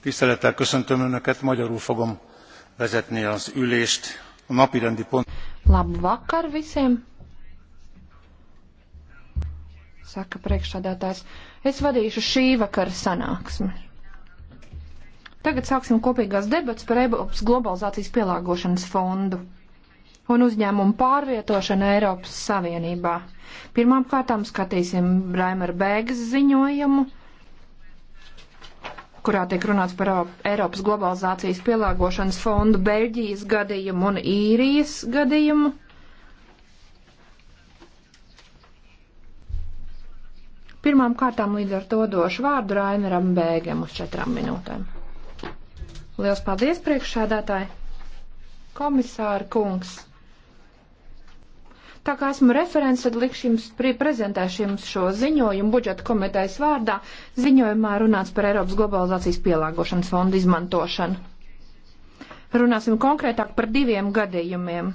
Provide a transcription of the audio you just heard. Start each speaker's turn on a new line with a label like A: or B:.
A: Tisztelettel köszöntöm Önöket, magyarul fogom vezetni az ülést. A napirendi pont...
B: Labu vakar visiem! Saka priekšsādātājs. Es vadīšu šī vakara sanāksmi. Tagad sāksim kopīgās debats par Eiropas globalizācijas pielāgošanas fondu un uzņēmumu pārvietošanu Eiropas Savienībā. Pirmām kārtām skatīsim Braimera Bēgas ziņojumu kurā tiek runāts par Eiropas globalizācijas pielāgošanas fondu Beļģijas gadījumu un īrijas gadījumu. Pirmām kārtām līdz ar to došu vārdu Raineram Bēgam uz četrām minūtēm. Liels paldies priekšsēdētāji! Komisāra kungs! Tā kā esmu referents, tad likšu jums prezentēšu jums šo ziņojumu budžeta komitejas vārdā. Ziņojumā runāts par Eiropas globalizācijas pielāgošanas fondu izmantošanu. Runāsim konkrētāk par diviem gadījumiem.